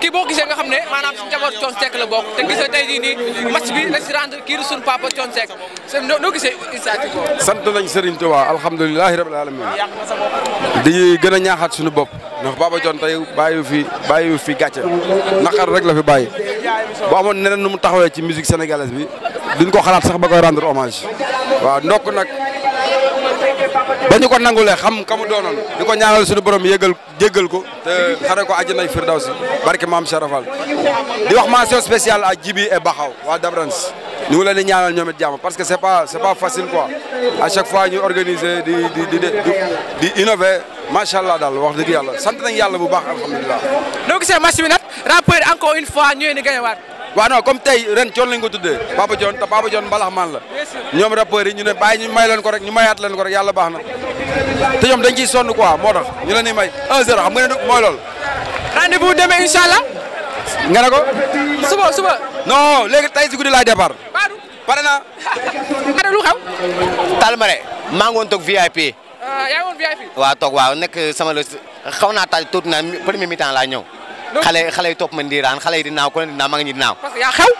kii boo gisee nga xam ne maanaam suñu njaboot Thione Seck la bokk te gis tey jii nii match bi la si rendre kii di suñu papa Thione Seck noo gisee initiative boobu. sant nañ Serigne Touba alhamdulilahi rabbil alamin di gën a ñaaxaat sunu bopp ndax papa Thione tey bàyyiwu fi bàyyiwu fi rek la fi bàyyi. bu amoon neneen nu mu taxawee ci musique sénégalaise bi duñ ko xalaat sax ba koy rendre hommage waaw ndokk nag ba ñu ko nangulee xam ka mu doonoon di ko ñaanal suñu borom yëgal jéggal ko te xare ko àjjanay firdawsi barke maam Sharafal di wax mention spéciale à Djibi et Baxaw waa Dabrans ñu ngi leen di ñaanal ñoom it jàmm parce que c'est pas c'est pas facile quoi à chaque fois ñu organiser di di di di innover macha allah daal wax dëgg yàlla sant nañ yàlla bu baax alhamdulilah. rappeur encore une fois ñooy ni gañewaat waaw non comme tey ren coon lañ ko tuddee Papa John te Papa John mbalax man la ñoom rappeurs yi ñu ne bàyyi ñu may leen ko rek ñu mayaat leen ko rek yàlla baax na te ñoom dañ ciy sonn quoi moo tax ñu la ni may 1 0 xam nga ne mooy loolu rendez-vous demee incha allah nga ne ko suba suba non léegi tey si guddi laay départ pare naa pare lu xaw Palmarin maa ngi woon toog VIP ah, yaa ngi woon nekk sama la xaw naa taaj tuuti naa premier mi-temps laa ñëw xale xale yi topp ma ndiiraan xale yi di naaw ku ne naaw ma nga ñu di naaw. parce que yaa xew.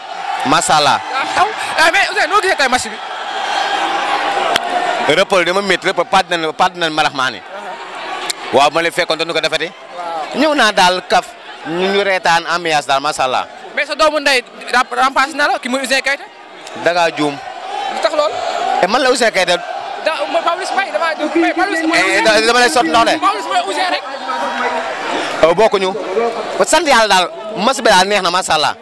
macha allah yaa xew eh, mais Ousseyn noo gisee tey match bi. rëppal dama uh-huh. waaw ma leen fekkoon te nu ko defatee. naa daal kaf ñu reetaan ambiance daal macha allah. mais doomu ndey remplacé na la ki muy Ousseyn Keita. daga juum. lu tax lool. Eh, man la Ousseyn Keita. da Pawlish Mbaye damaa Pawlish Mbaye eh, dama lay sotti ndox de. bokkuñu sant yàlla daal mas bi daal neex na macha allah.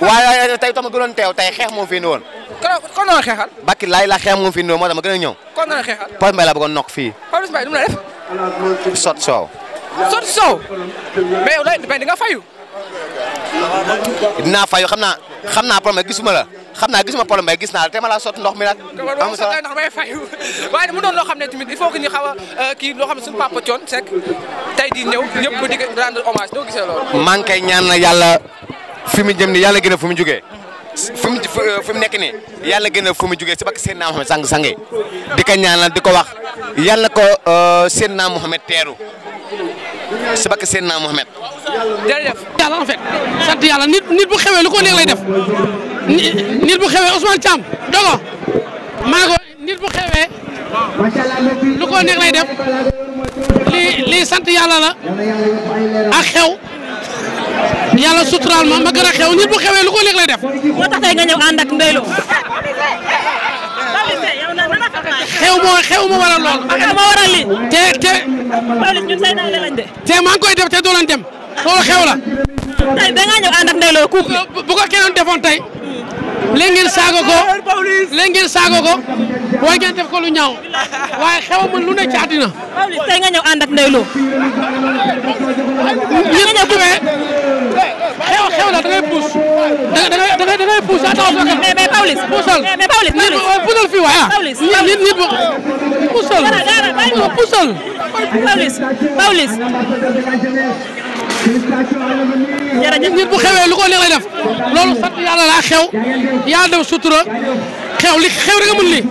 waaye tey tam ma gënoon teew tey xeex moom fii woon. kon noonu la xeex moom fii woon moo tax ma a ñëw. kon noonu la bëggoon nokk fii. sot soow. sot soow. mais di nga fayu. dinaa fayu xam naa xam naa gisuma la. xam naa gisuma problème bay gis naa la te ma laa sotti ndox mi nag am sa ndox may loo xam ne tamit il faut que ñu xaw a euh, kii loo xam ne suñu papa Thione Seck tey di ñëw ñëpp di rendre hommage doo gisee loolu maa ngi koy ñaan yàlla fi mu jëm ni yàlla gi a fu mu jógee mu nekk ni yàlla gën a fu mu jógee euh, si bakk seen na Mohamed sang sange di ko ñaanal di ko wax yàlla ko euh, seen naa Mohamed teeru si bakk seen naa Mohamed jërëjëf yàlla en nit bu xewee lu ko neex lay def nit bu xewee Ousmane Thiam dogo maago nit bu xewee lu ko neex lay def li sant yàlla la ak xew yàlla suturaal ma ma gën a xew nit bu xewee lu ko neex lay def. xew moo xew lool. te te. te def te doo dem loolu xew la. tey da ngaa ñëw ànd ak Lo ku bu ko tey. léegi ngeen saago ko léegi ngeen saago ko waaye ngeen def ko lu ñaaw waaye xew ma lu ne ci àddina. Pawlish tey nga ñëw ànd ak Ndeye Lo. yéen ñëpp eh? xew xew la da ngay puus da ngay da ngay da ngay puus attention. mais waaye ah. Pawlish nit jërëjëf nit bu xewee lu ko neex lay def loolu sant yàlla laa xew yàlla def sutura xew li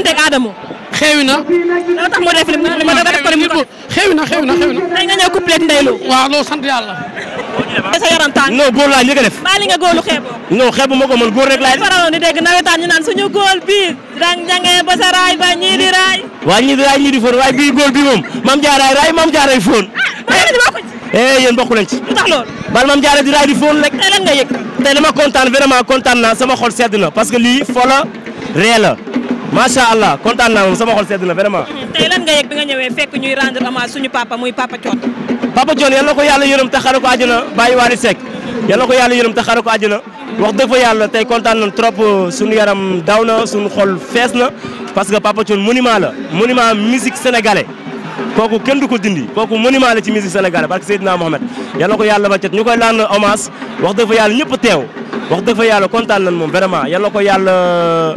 na. dama tax mu def li ma dama def ko nit bu na xewi na xewi na. tey nga sa yaram tàng. non góor laa njëkk def. mbaa li nga góorlu xeeboo. non ma ko man góor rek laay. faral di dégg nawetaan ñu naan suñu góor bii. dang jangee ba sa raay ba ñii di raay. waa ñii di raay ñii di fóon waaye bii góor moom maam jaaraay raay maam jaaraay fóon. ah maa ngi leen ci. eh bal maam jaare di raay di fóon rek eh, nga yëg tey dama kontaan vraiment kontaan naa sama xol sedd na parce que lii fola ree la macha allah kontaan naa moom sama xol sedd na vraiment. tey nga yëg bi nga ñëwee fekk ñuy rendre hommage suñu papa muy papa Thione. papa Thione yal na ko yàlla yërëm taxaare ko na bàyyi waari Seck yal na ko yàlla yërëm taxaare ko na wax dëgg fa yàlla tey kontaan nañ trop suñu yaram daw na suñu xol fees na parce que papa Thione monument la monument musique sénégalais. kooku kenn du ko dindi kooku monument la ci musique sénégalais parce que Seydina Mohamed ko yàlla ba cet ñu koy laan hommage wax dëgg fa yàlla ñëpp teew wax dëgg fa yàlla kontaan nañ moom vraiment yàlla ko yàlla euh,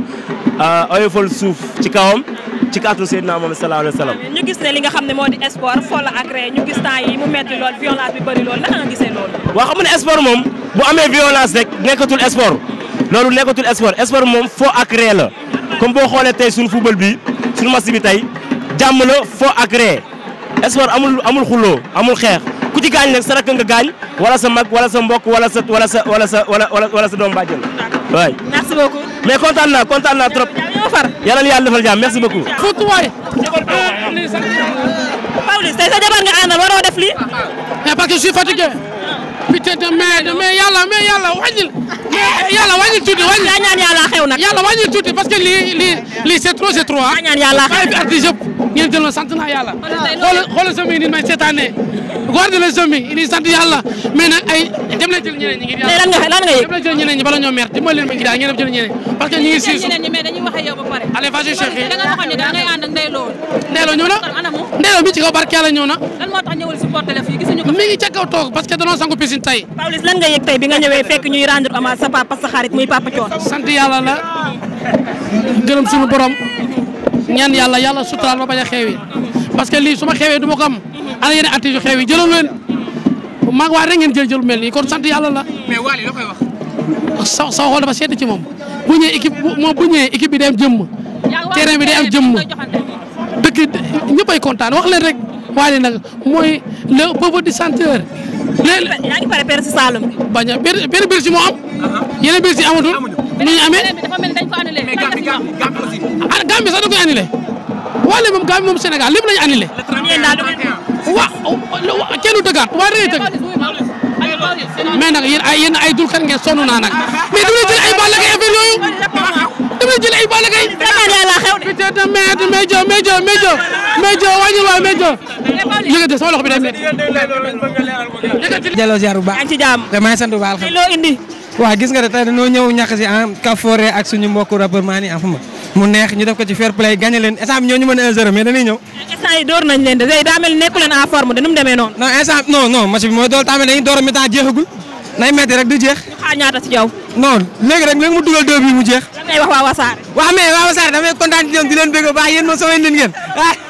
euh, oyofal suuf ci kawam ci kàttu Seydina Mohamed sallallahu alayhi wa sallam ñu gis ne li nga xam ne moo di sport fola ak ñu gis temps yi mu metti lool violence bi bëri lool naka nga gisee loolu waaw xam ne sport moom bu amee violence rek nekkatul sport loolu moom foo ak la comme boo xoolee tey suñu football bi suñu match bi jàmm la fo ak ree amul amul xuloo amul xeex ku ci gaañ nag sa rakk nga gaañ wala sa mag wala sa mbokk wala sa wala sa wala sa wala sa doom bàjjen waay. sa beaucoup. mais kontaan naa kontaan naa trop. yàlla na yàlla defal jàmm merci beaucoup. surtout waay. Pawlish tey sa jabar nga àndal waroo def lii. mais parce que je suis fatigué. putain de merde mais yàlla mais yàlla wàññil. mais yàlla wàññil tuuti wàññil. yaa ñaan yàlla xew nag. yàlla wàññil tuuti parce que lii lii lii c'est trop ngeen jël jël ñeneen ñi ngir nga lan nga yëg bala ñoo mer dimbali leen ma ngir yàlla ngeen dem jël ñeneen. parce que ñu ngi siisu ñeneen ñi mais dañuy wax ak yow ba nga waxoon ne da ngay ànd barke yàlla ñëw na. lan ngi ca toog parce que sangu piscine tey. lan nga yëg tey bi nga ñëwee fekk ñuy rendre hommage sa papa sa xarit muy papa Thione. sant yàlla la gërëm suñu borom ñaan yàlla yàlla suturaal ma bañ a xeewi parce que lii su ma xeewee du ma ko am ana yeneen artistes yu xeew mag jëlalu leen maa ngi waa rek jël jël mel nii kon sant yàlla la. mais Waly la koy wax. sa sa xool dafa sedd ci moom bu ñëwee équipe moom bu ñëwee équipe bi day am jëmm. terrain bi day am jëmm dëkk ñëppay kontaan wax leen rek Waly nag mooy le boobu di senteur. léegi yaa ngi pare perte si Saalum. bañ a am. yeneen si amatul. ni ñu amee mais Gambie Gambie aussi. ah moom Gambie moom Sénégal lépp lañu annulé. wa kenn du dëggaat waaye da ngay dëgg mais nag yéen ay yéen ay dul kan ngeen sonn naa nag mais dama jël ay Balla Gaye affaire yooyu dama jël ay Balla Gaye. peut-être da mét méjo méjo méjo méjo wàññil waay méjo. yëkkati sama loxo bi day métti. yëkkati. delloo ziar bu baax. maa ngi ci jàmm. te maa ngi sant bu baax. loo waaw gis nga de tey dañoo ñëw ñàkk si en ah Kafoore ak suñu mbokku rappeur maa nii en mu ñu def ko ci fair play gagné leen instant bi ñoo ñu mën a 1-0 mais dañuy ñëw. instant yi door nañ dool tamit dañuy door a mi-temps jeexagul nay metti rek du jeex. xaar ñaata si jaww. non léegi rek léegi mu dugal deux bi mu jeex. lan ngay